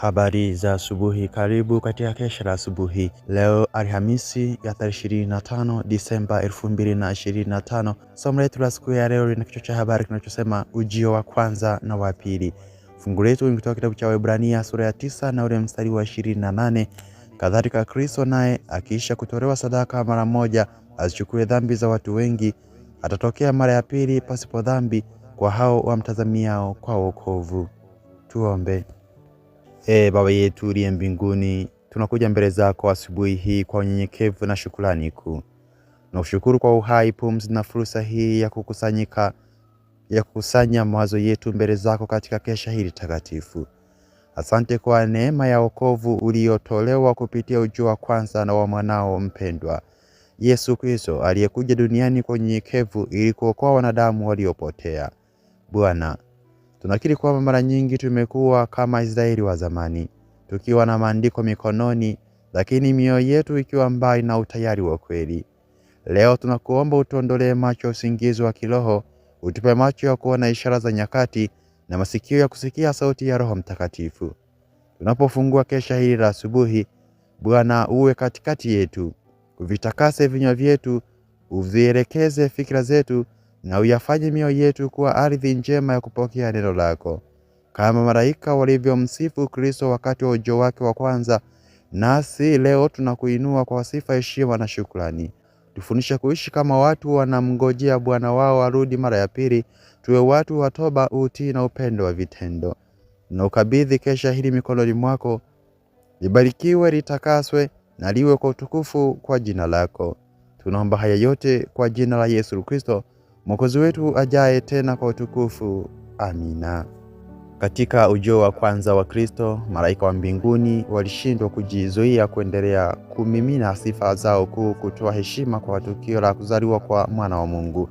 Habari za asubuhi, karibu katika kesha la asubuhi leo Alhamisi ya tarehe 25 Disemba 2025. Somo letu la siku ya leo lina kichwa cha habari kinachosema ujio wa kwanza na wa pili. Fungu letu ni kutoka kitabu cha Waebrania sura ya 9 na ule mstari wa 28. Kadhalika Kristo naye akiisha kutolewa sadaka mara moja azichukue dhambi za watu wengi, atatokea mara ya pili pasipo dhambi kwa hao wamtazamiao kwa wokovu. Tuombe. E Baba yetu uliye mbinguni, tunakuja mbele zako asubuhi hii kwa unyenyekevu na shukrani kuu. Tunakushukuru kwa uhai, pumzi na fursa hii ya kukusanyika ya kukusanya mawazo yetu mbele zako katika kesha hili takatifu. Asante kwa neema ya wokovu uliotolewa kupitia ujio wa kwanza na wa mwanao mpendwa Yesu Kristo, aliyekuja duniani kwa unyenyekevu ili kuokoa wanadamu waliopotea. Bwana, Tunakiri kwamba mara nyingi tumekuwa kama Israeli wa zamani, tukiwa na maandiko mikononi, lakini mioyo yetu ikiwa mbali na utayari wa kweli. Leo tunakuomba utuondolee macho ya usingizi wa kiroho, utupe macho ya kuona ishara za nyakati na masikio ya kusikia sauti ya Roho Mtakatifu. Tunapofungua kesha hili la asubuhi, Bwana uwe katikati yetu, uvitakase vinywa vyetu, uvielekeze fikra zetu na uyafanye mioyo yetu kuwa ardhi njema ya kupokea neno lako, kama malaika walivyomsifu Kristo wakati wa ujio wake wa kwanza. Nasi leo tunakuinua kwa sifa, heshima na shukrani. Tufundishe kuishi kama watu wanamngojea Bwana wao arudi mara ya pili. Tuwe watu wa toba, utii na upendo wa vitendo. Na ukabidhi kesha hili mikononi mwako, libarikiwe, litakaswe na liwe kwa utukufu kwa jina lako. Tunaomba haya yote kwa jina la Yesu Kristo Mwokozi wetu ajaye tena kwa utukufu. Amina. Katika ujio wa kwanza wa Kristo, malaika wa mbinguni walishindwa kujizuia kuendelea kumimina sifa zao kuu kutoa heshima kwa tukio la kuzaliwa kwa mwana wa Mungu,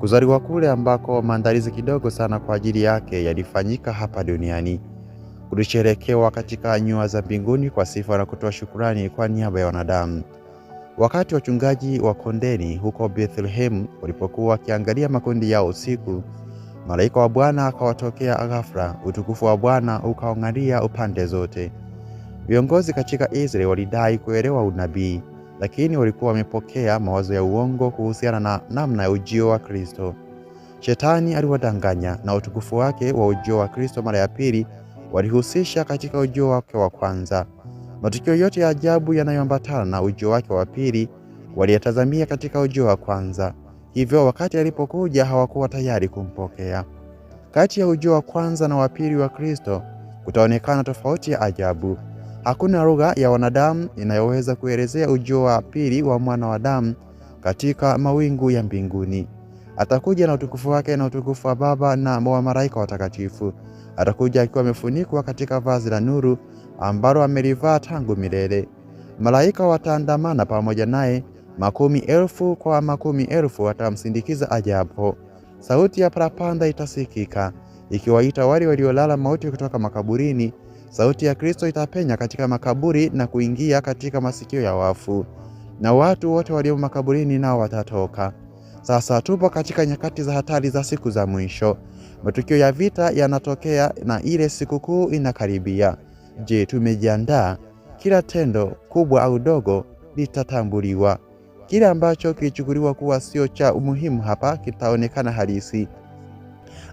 kuzaliwa kule ambako maandalizi kidogo sana kwa ajili yake yalifanyika hapa duniani kulisherekewa katika nyua za mbinguni kwa sifa na kutoa shukurani kwa niaba ya wanadamu. Wakati wachungaji wa kondeni huko Bethlehemu walipokuwa wakiangalia makundi yao usiku, malaika wa Bwana akawatokea ghafla. Utukufu wa Bwana ukaong'alia upande zote. Viongozi katika Israeli walidai kuelewa unabii, lakini walikuwa wamepokea mawazo ya uongo kuhusiana na namna ya ujio wa Kristo. Shetani aliwadanganya, na utukufu wake wa ujio wa Kristo mara ya pili walihusisha katika ujio wake wa kwanza. Matukio yote ya ajabu yanayoambatana na ujio wake wa pili waliyatazamia katika ujio wa kwanza, hivyo wakati alipokuja hawakuwa tayari kumpokea. Kati ya ujio wa kwanza na wa pili wa Kristo kutaonekana tofauti ya ajabu. Hakuna lugha ya wanadamu inayoweza kuelezea ujio wa pili wa mwana wa Adamu katika mawingu ya mbinguni. Atakuja na utukufu wake na utukufu wa Baba na wa malaika watakatifu. Atakuja akiwa amefunikwa katika vazi la nuru ambalo amelivaa tangu milele. Malaika wataandamana pamoja naye, makumi elfu kwa makumi elfu watamsindikiza ajapo. Sauti ya parapanda itasikika ikiwaita wale waliolala mauti kutoka makaburini. Sauti ya Kristo itapenya katika makaburi na kuingia katika masikio ya wafu, na watu wote walio makaburini nao watatoka. Sasa tupo katika nyakati za hatari za siku za mwisho. Matukio ya vita yanatokea na ile sikukuu inakaribia. Je, tumejiandaa? Kila tendo kubwa au dogo litatambuliwa. Kile ambacho kilichukuliwa kuwa sio cha umuhimu hapa kitaonekana halisi.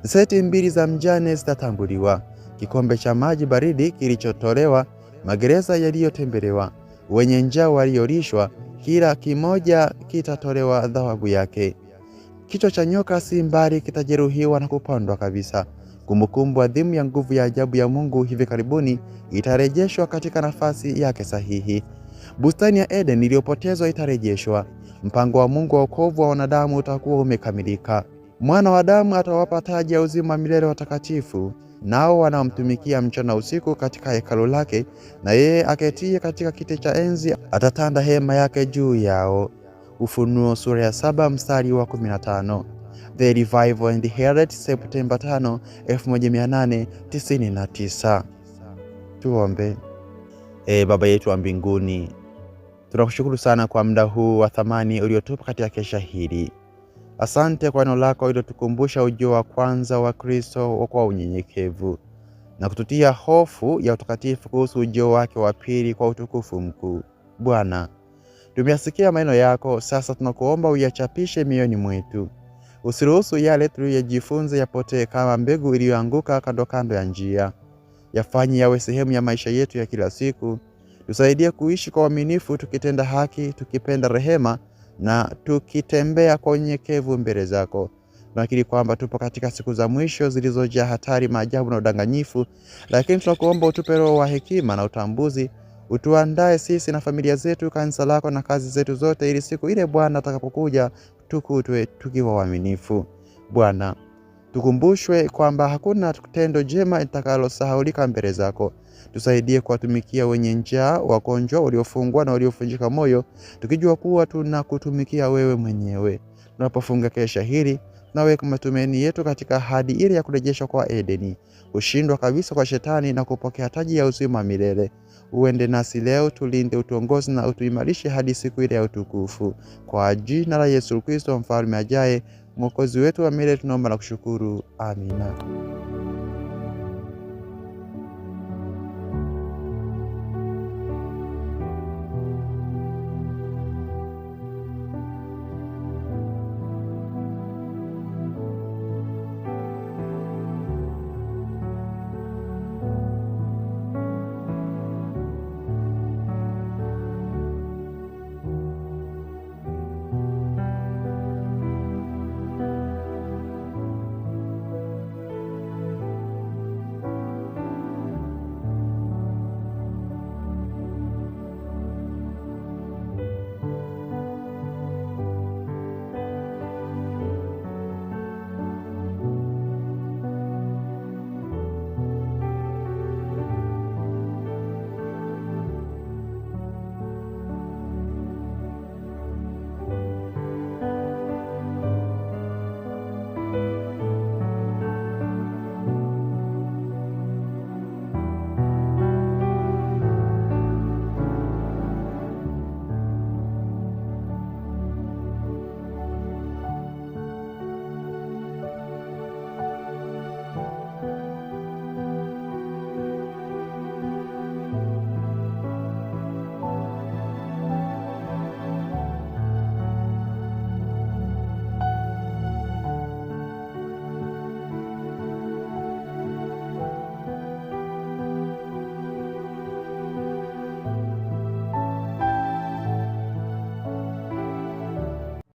Seti mbili za mjane zitatambuliwa, kikombe cha maji baridi kilichotolewa, magereza yaliyotembelewa, wenye njaa waliolishwa. Kila kimoja kitatolewa dhawabu yake. Kichwa cha nyoka si mbali, kitajeruhiwa na kupondwa kabisa. Kumbukumbu adhimu ya nguvu ya ajabu ya Mungu hivi karibuni itarejeshwa katika nafasi yake sahihi. Bustani ya Eden iliyopotezwa itarejeshwa. Mpango wa Mungu wa wokovu wa wanadamu utakuwa umekamilika. Mwana wa Adamu atawapa taji ya uzima milele watakatifu, nao wanaomtumikia mchana usiku katika hekalu lake, na yeye aketie katika kiti cha enzi atatanda hema yake juu yao. Ufunuo sura ya saba mstari wa 15. The Revival and Herald Septemba 5, 1899. Tuombe. E, Baba yetu wa mbinguni, tunakushukuru sana kwa muda huu wa thamani uliotupa katika kesha hili. Asante kwa neno lako ililotukumbusha ujio wa kwanza wa Kristo kwa unyenyekevu na kututia hofu ya utakatifu kuhusu ujio wake wa pili kwa utukufu mkuu. Bwana, tumeyasikia maneno yako, sasa tunakuomba uyachapishe mioyoni mwetu Usiruhusu yale tuliyojifunza yapotee kama mbegu iliyoanguka kando kando ya njia. Yafanye yawe sehemu ya maisha yetu ya kila siku. Tusaidie kuishi kwa uaminifu, tukitenda haki, tukipenda rehema na tukitembea kwa unyenyekevu mbele zako. Tunakiri kwamba tupo katika siku za mwisho zilizojaa hatari, maajabu na udanganyifu, lakini tunakuomba utupe roho wa hekima na utambuzi. Utuandae sisi na familia zetu, kanisa lako na kazi zetu zote, ili siku ile Bwana atakapokuja tukutwe tukiwa waaminifu. Bwana, tukumbushwe kwamba hakuna tendo jema litakalosahaulika mbele zako. Tusaidie kuwatumikia wenye njaa, wagonjwa, waliofungwa na waliovunjika moyo, tukijua kuwa tunakutumikia wewe mwenyewe. Tunapofunga kesha hili na weka matumaini yetu katika ahadi ile ya kurejeshwa kwa Edeni, kushindwa kabisa kwa Shetani na kupokea taji ya uzima milele. Uende nasi leo, tulinde, utuongozi na utuimarishe hadi siku ile ya utukufu. Kwa jina la Yesu Kristo, mfalme ajaye, mwokozi wetu wa milele, tunaomba na kushukuru. Amina.